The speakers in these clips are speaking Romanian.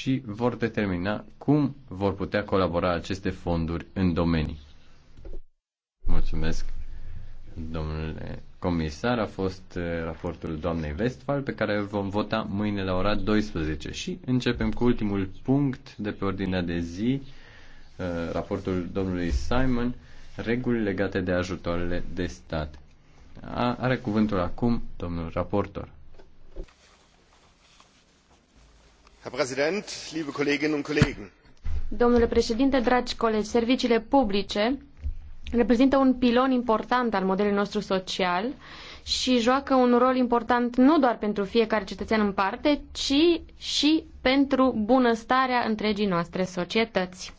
și vor determina cum vor putea colabora aceste fonduri în domenii. Mulțumesc, domnule comisar. A fost uh, raportul doamnei Westphal pe care îl vom vota mâine la ora 12 și începem cu ultimul punct de pe ordinea de zi, uh, raportul domnului Simon, reguli legate de ajutoarele de stat. Are cuvântul acum domnul raportor. Domnule președinte, dragi colegi, serviciile publice reprezintă un pilon important al modelului nostru social și joacă un rol important nu doar pentru fiecare cetățean în parte, ci și pentru bunăstarea întregii noastre societăți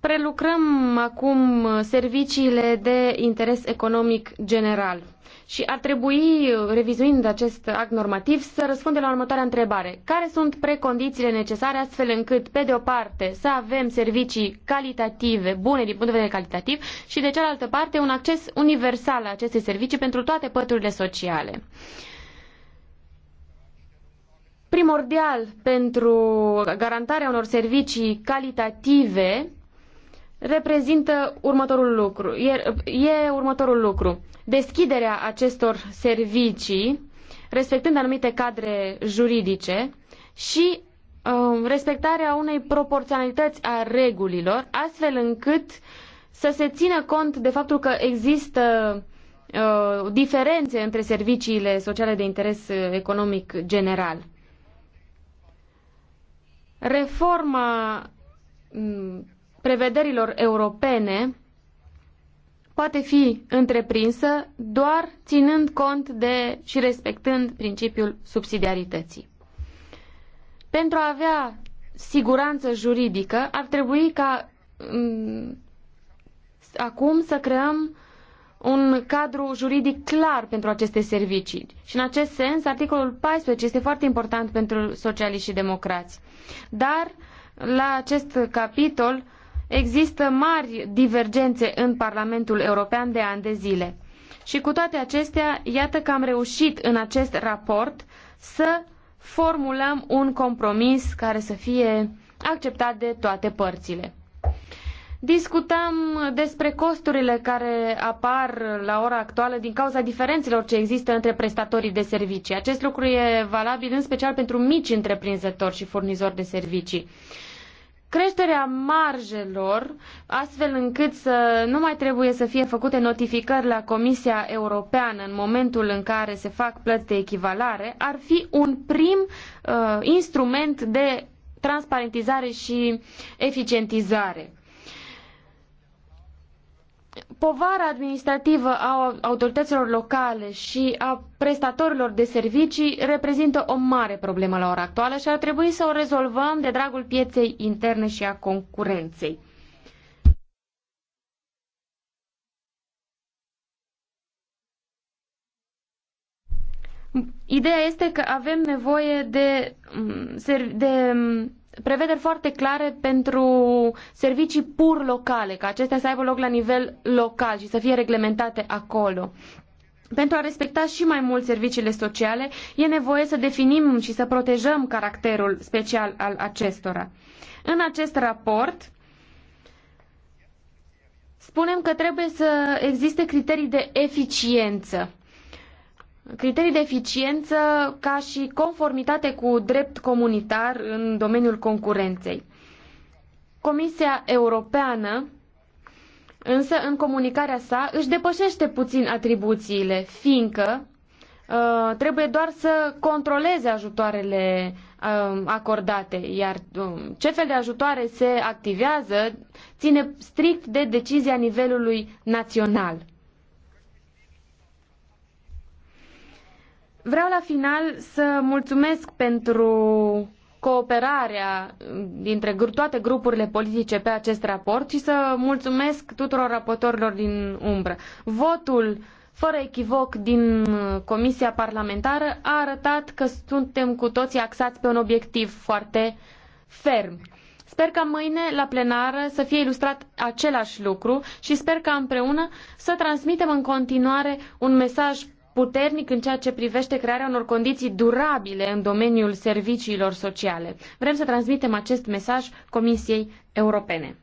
prelucrăm acum serviciile de interes economic general și ar trebui, revizuind acest act normativ, să răspundem la următoarea întrebare. Care sunt precondițiile necesare astfel încât, pe de o parte, să avem servicii calitative, bune din punct de vedere calitativ și, de cealaltă parte, un acces universal la aceste servicii pentru toate păturile sociale? Primordial pentru garantarea unor servicii calitative reprezintă următorul lucru. E, e următorul lucru. Deschiderea acestor servicii, respectând anumite cadre juridice și uh, respectarea unei proporționalități a regulilor, astfel încât să se țină cont de faptul că există uh, diferențe între serviciile sociale de interes uh, economic general. Reforma mm, prevederilor europene poate fi întreprinsă doar ținând cont de și respectând principiul subsidiarității. Pentru a avea siguranță juridică, ar trebui ca mm, acum să creăm un cadru juridic clar pentru aceste servicii. Și în acest sens, articolul 14 este foarte important pentru socialiști și democrați. Dar la acest capitol Există mari divergențe în Parlamentul European de ani de zile. Și cu toate acestea, iată că am reușit în acest raport să formulăm un compromis care să fie acceptat de toate părțile. Discutăm despre costurile care apar la ora actuală din cauza diferențelor ce există între prestatorii de servicii. Acest lucru e valabil în special pentru mici întreprinzători și furnizori de servicii creșterea marjelor, astfel încât să nu mai trebuie să fie făcute notificări la Comisia Europeană în momentul în care se fac plăți de echivalare, ar fi un prim uh, instrument de transparentizare și eficientizare povara administrativă a autorităților locale și a prestatorilor de servicii reprezintă o mare problemă la ora actuală și ar trebui să o rezolvăm de dragul pieței interne și a concurenței. Ideea este că avem nevoie de, mm, de mm, prevederi foarte clare pentru servicii pur locale, ca acestea să aibă loc la nivel local și să fie reglementate acolo. Pentru a respecta și mai mult serviciile sociale, e nevoie să definim și să protejăm caracterul special al acestora. În acest raport, spunem că trebuie să existe criterii de eficiență criterii de eficiență ca și conformitate cu drept comunitar în domeniul concurenței. Comisia Europeană însă în comunicarea sa își depășește puțin atribuțiile, fiindcă uh, trebuie doar să controleze ajutoarele uh, acordate, iar uh, ce fel de ajutoare se activează ține strict de decizia nivelului național. Vreau la final să mulțumesc pentru cooperarea dintre toate grupurile politice pe acest raport și să mulțumesc tuturor raportorilor din umbră. Votul fără echivoc din Comisia Parlamentară a arătat că suntem cu toții axați pe un obiectiv foarte ferm. Sper ca mâine la plenară să fie ilustrat același lucru și sper ca împreună să transmitem în continuare un mesaj puternic în ceea ce privește crearea unor condiții durabile în domeniul serviciilor sociale. Vrem să transmitem acest mesaj Comisiei Europene.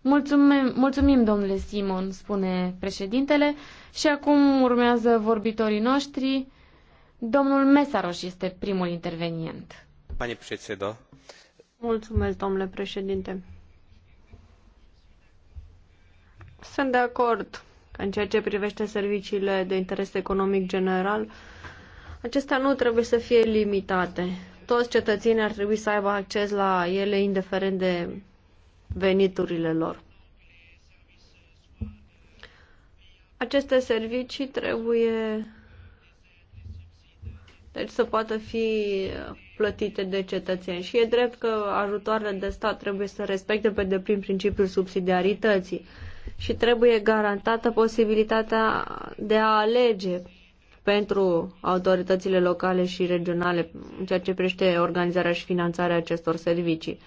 Mulțumim, mulțumim domnule Simon, spune președintele. Și acum urmează vorbitorii noștri. Domnul Mesaroș este primul intervenient. Pani președo. Mulțumesc, domnule președinte. Sunt de acord că în ceea ce privește serviciile de interes economic general, acestea nu trebuie să fie limitate. Toți cetățenii ar trebui să aibă acces la ele indiferent de veniturile lor. Aceste servicii trebuie deci să poată fi plătite de cetățeni. Și e drept că ajutoarele de stat trebuie să respecte pe deplin principiul subsidiarității și trebuie garantată posibilitatea de a alege pentru autoritățile locale și regionale în ceea ce privește organizarea și finanțarea acestor servicii.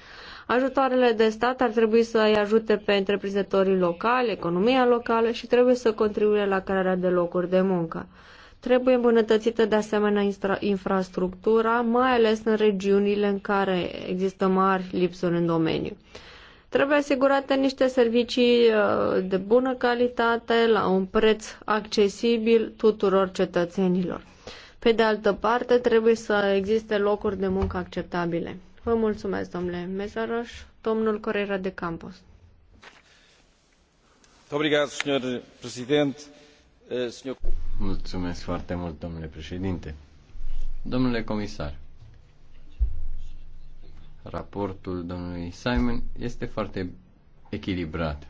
Ajutoarele de stat ar trebui să îi ajute pe întreprinzătorii locali, economia locală și trebuie să contribuie la crearea de locuri de muncă. Trebuie îmbunătățită de asemenea infrastructura, mai ales în regiunile în care există mari lipsuri în domeniu. Trebuie asigurate niște servicii uh, de bună calitate, la un preț accesibil tuturor cetățenilor. Pe de altă parte, trebuie să existe locuri de muncă acceptabile. Vă mulțumesc, domnule Mesaroș, domnul Corera de Campos. Eh, mulțumesc foarte mult, domnule președinte. Domnule comisar, raportul domnului Simon este foarte echilibrat.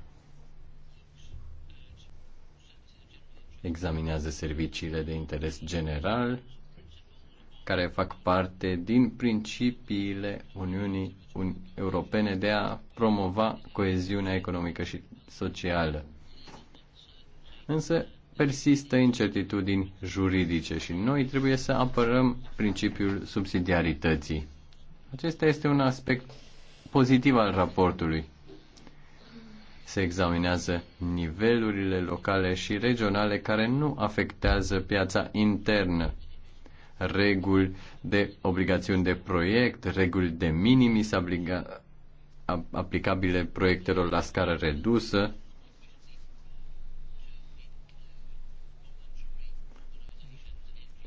Examinează serviciile de interes general care fac parte din principiile Uniunii Europene de a promova coeziunea economică și socială. Însă persistă incertitudini juridice și noi trebuie să apărăm principiul subsidiarității acesta este un aspect pozitiv al raportului. Se examinează nivelurile locale și regionale care nu afectează piața internă. Reguli de obligațiuni de proiect, reguli de minimis aplicabile proiectelor la scară redusă,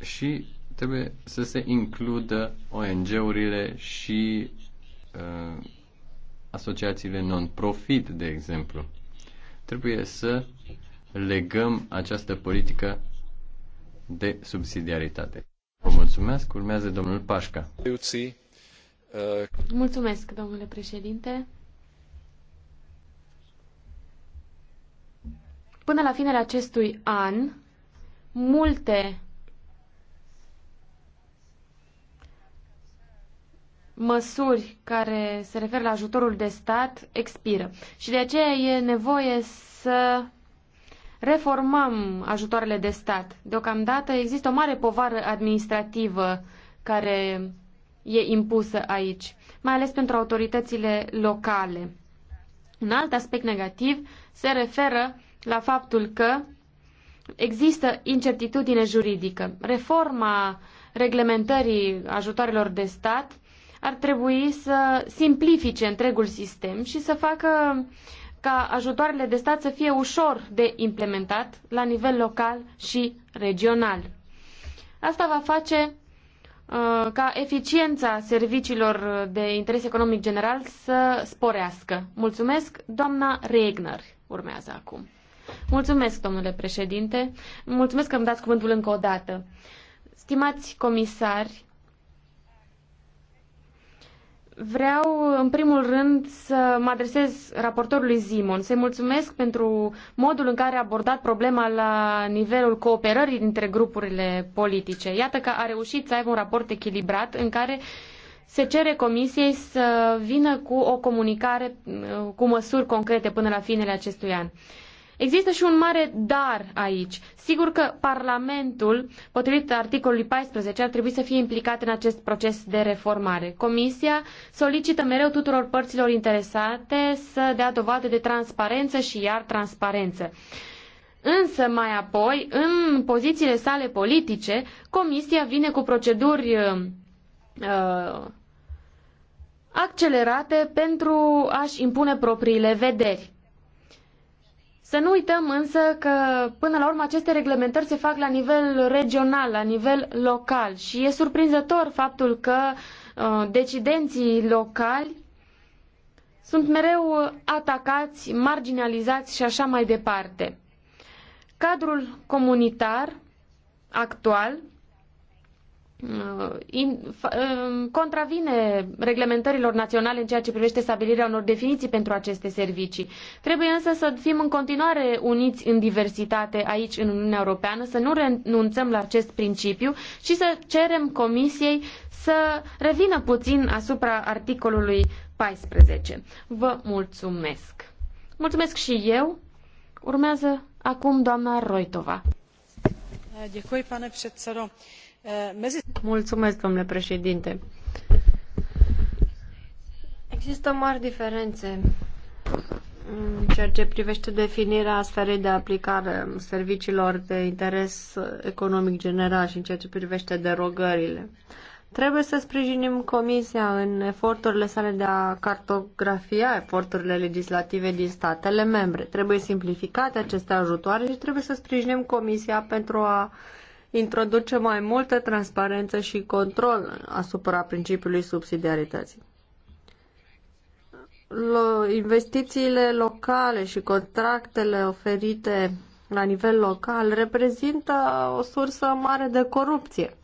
și trebuie să se includă ONG-urile și uh, asociațiile non-profit, de exemplu. Trebuie să legăm această politică de subsidiaritate. Vă mulțumesc. Urmează domnul Pașca. Uh, mulțumesc, domnule președinte. Până la finele acestui an, multe măsuri care se referă la ajutorul de stat expiră. Și de aceea e nevoie să reformăm ajutoarele de stat. Deocamdată există o mare povară administrativă care e impusă aici, mai ales pentru autoritățile locale. Un alt aspect negativ se referă la faptul că există incertitudine juridică. Reforma reglementării ajutoarelor de stat ar trebui să simplifice întregul sistem și să facă ca ajutoarele de stat să fie ușor de implementat la nivel local și regional. Asta va face uh, ca eficiența serviciilor de interes economic general să sporească. Mulțumesc, doamna Regner urmează acum. Mulțumesc, domnule președinte. Mulțumesc că îmi dați cuvântul încă o dată. Stimați comisari, Vreau, în primul rând, să mă adresez raportorului Zimon, să-i mulțumesc pentru modul în care a abordat problema la nivelul cooperării dintre grupurile politice. Iată că a reușit să aibă un raport echilibrat în care se cere Comisiei să vină cu o comunicare cu măsuri concrete până la finele acestui an. Există și un mare dar aici. Sigur că Parlamentul, potrivit articolului 14, ar trebui să fie implicat în acest proces de reformare. Comisia solicită mereu tuturor părților interesate să dea dovadă de transparență și iar transparență. Însă mai apoi, în pozițiile sale politice, Comisia vine cu proceduri uh, uh accelerate pentru a-și impune propriile vederi. Să nu uităm însă că, până la urmă, aceste reglementări se fac la nivel regional, la nivel local și e surprinzător faptul că uh, decidenții locali sunt mereu atacați, marginalizați și așa mai departe. Cadrul comunitar actual Uh, um, contravine reglementărilor naționale în ceea ce privește stabilirea unor definiții pentru aceste servicii. Trebuie însă să fim în continuare uniți în diversitate aici în Uniunea Europeană, să nu renunțăm la acest principiu și să cerem Comisiei să revină puțin asupra articolului 14. Vă mulțumesc! Mulțumesc și eu! Urmează acum doamna Roitova. Děkuji, pane předsedo Mulțumesc, domnule președinte. Există mari diferențe în ceea ce privește definirea sferei de aplicare serviciilor de interes economic general și în ceea ce privește derogările. Trebuie să sprijinim Comisia în eforturile sale de a cartografia eforturile legislative din statele membre. Trebuie simplificate aceste ajutoare și trebuie să sprijinim Comisia pentru a introduce mai multă transparență și control asupra principiului subsidiarității. Investițiile locale și contractele oferite la nivel local reprezintă o sursă mare de corupție.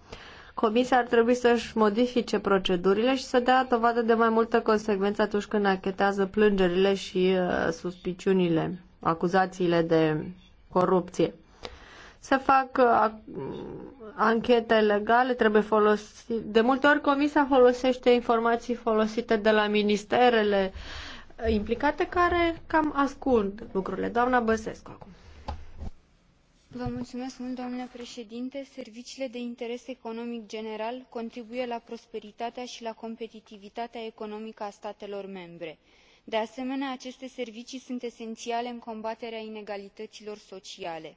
Comisia ar trebui să-și modifice procedurile și să dea dovadă de mai multă consecvență atunci când achetează plângerile și uh, suspiciunile, acuzațiile de corupție. Să fac uh, anchete legale, trebuie folosit. De multe ori comisia folosește informații folosite de la ministerele uh, implicate care cam ascund lucrurile. Doamna Băsescu acum. Vă mulțumesc mult, doamnă președinte. Serviciile de interes economic general contribuie la prosperitatea și la competitivitatea economică a statelor membre de asemenea aceste servicii sunt esențiale în combaterea inegalităților sociale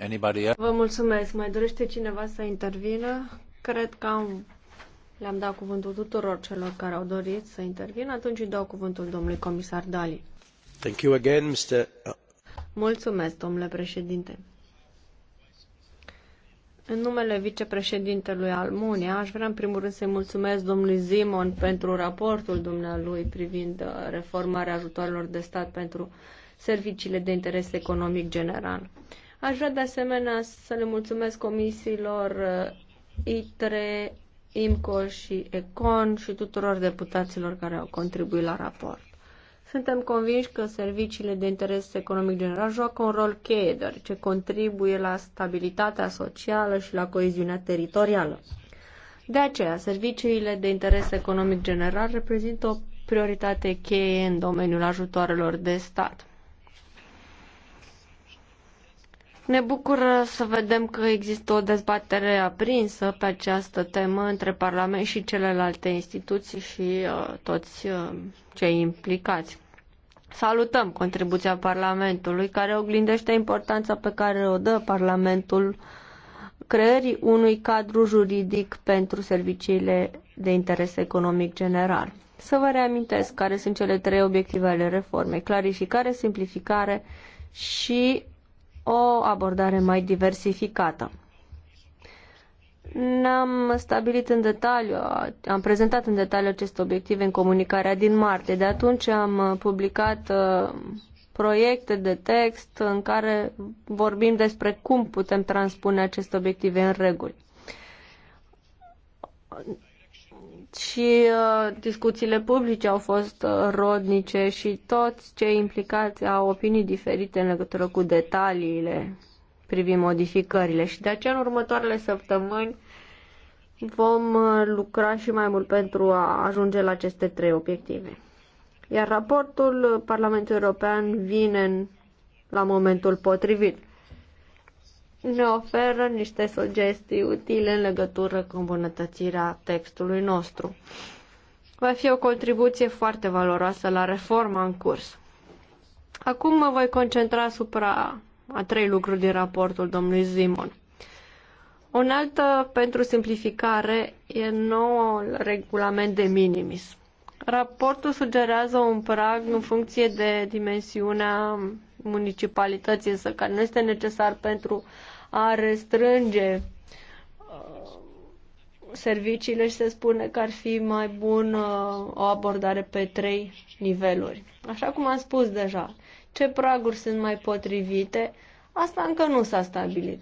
Anybody else? Vă mulțumesc. Mai dorește cineva să intervină? Cred că am, le-am dat cuvântul tuturor celor care au dorit să intervină. Atunci îi dau cuvântul domnului comisar Dali. Thank you again, Mr. Mulțumesc, domnule președinte. În numele vicepreședintelui Almunia, aș vrea în primul rând să-i mulțumesc domnului Zimon pentru raportul dumnealui privind uh, reformarea ajutoarelor de stat pentru serviciile de interes economic general. Aș vrea de asemenea să le mulțumesc comisiilor uh, ITRE, IMCO și ECON și tuturor deputaților care au contribuit la raport. Suntem convinși că serviciile de interes economic general joacă un rol cheie, deoarece contribuie la stabilitatea socială și la coeziunea teritorială. De aceea, serviciile de interes economic general reprezintă o prioritate cheie în domeniul ajutoarelor de stat. Ne bucură să vedem că există o dezbatere aprinsă pe această temă între Parlament și celelalte instituții și uh, toți uh, cei implicați. Salutăm contribuția Parlamentului, care oglindește importanța pe care o dă Parlamentul creării unui cadru juridic pentru serviciile de interes economic general. Să vă reamintesc care sunt cele trei obiective ale reformei, clarificare, simplificare și o abordare mai diversificată. Ne-am stabilit în detaliu, am prezentat în detaliu aceste obiective în comunicarea din martie. De atunci am publicat uh, proiecte de text în care vorbim despre cum putem transpune aceste obiective în reguli și uh, discuțiile publice au fost uh, rodnice și toți cei implicați au opinii diferite în legătură cu detaliile privind modificările și de aceea în următoarele săptămâni vom uh, lucra și mai mult pentru a ajunge la aceste trei obiective. Iar raportul Parlamentului European vine în, la momentul potrivit ne oferă niște sugestii utile în legătură cu îmbunătățirea textului nostru. Va fi o contribuție foarte valoroasă la reforma în curs. Acum mă voi concentra asupra a trei lucruri din raportul domnului Zimon. O altă pentru simplificare e noul regulament de minimis. Raportul sugerează un prag în funcție de dimensiunea municipalității, însă care nu este necesar pentru a restrânge uh, serviciile și se spune că ar fi mai bun uh, o abordare pe trei niveluri. Așa cum am spus deja, ce praguri sunt mai potrivite, asta încă nu s-a stabilit.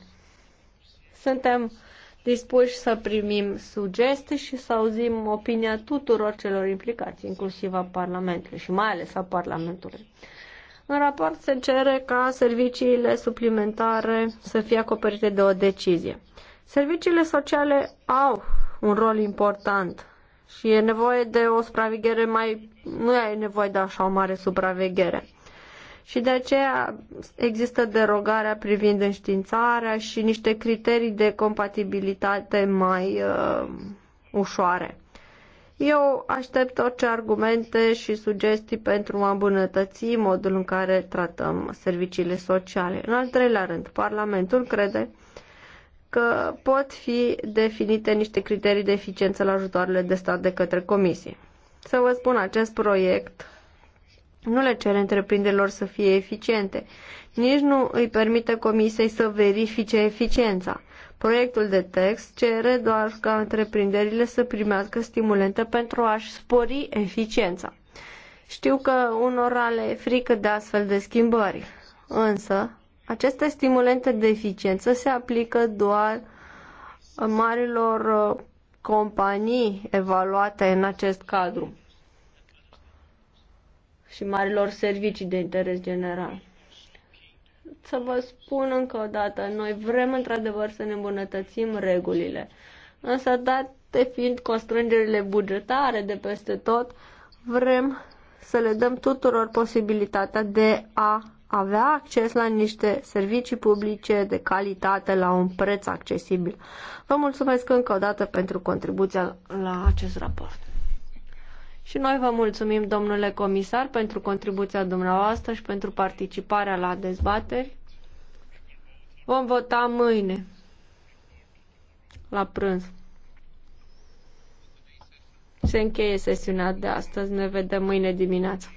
Suntem dispuși să primim sugestii și să auzim opinia tuturor celor implicați, inclusiv a Parlamentului și mai ales a Parlamentului. În raport se cere ca serviciile suplimentare să fie acoperite de o decizie. Serviciile sociale au un rol important și e nevoie de o supraveghere mai... nu e nevoie de așa o mare supraveghere. Și de aceea există derogarea privind înștiințarea și niște criterii de compatibilitate mai uh, ușoare. Eu aștept orice argumente și sugestii pentru a îmbunătăți modul în care tratăm serviciile sociale. În al treilea rând, Parlamentul crede că pot fi definite niște criterii de eficiență la ajutoarele de stat de către Comisie. Să vă spun, acest proiect nu le cere întreprinderilor să fie eficiente, nici nu îi permite comisiei să verifice eficiența. Proiectul de text cere doar ca întreprinderile să primească stimulente pentru a-și spori eficiența. Știu că unora le e frică de astfel de schimbări, însă aceste stimulente de eficiență se aplică doar marilor uh, companii evaluate în acest cadru și marilor servicii de interes general. Să vă spun încă o dată, noi vrem într-adevăr să ne îmbunătățim regulile, însă date fiind constrângerile bugetare de peste tot, vrem să le dăm tuturor posibilitatea de a avea acces la niște servicii publice de calitate la un preț accesibil. Vă mulțumesc încă o dată pentru contribuția la acest raport. Și noi vă mulțumim, domnule comisar, pentru contribuția dumneavoastră și pentru participarea la dezbateri. Vom vota mâine, la prânz. Se încheie sesiunea de astăzi. Ne vedem mâine dimineață.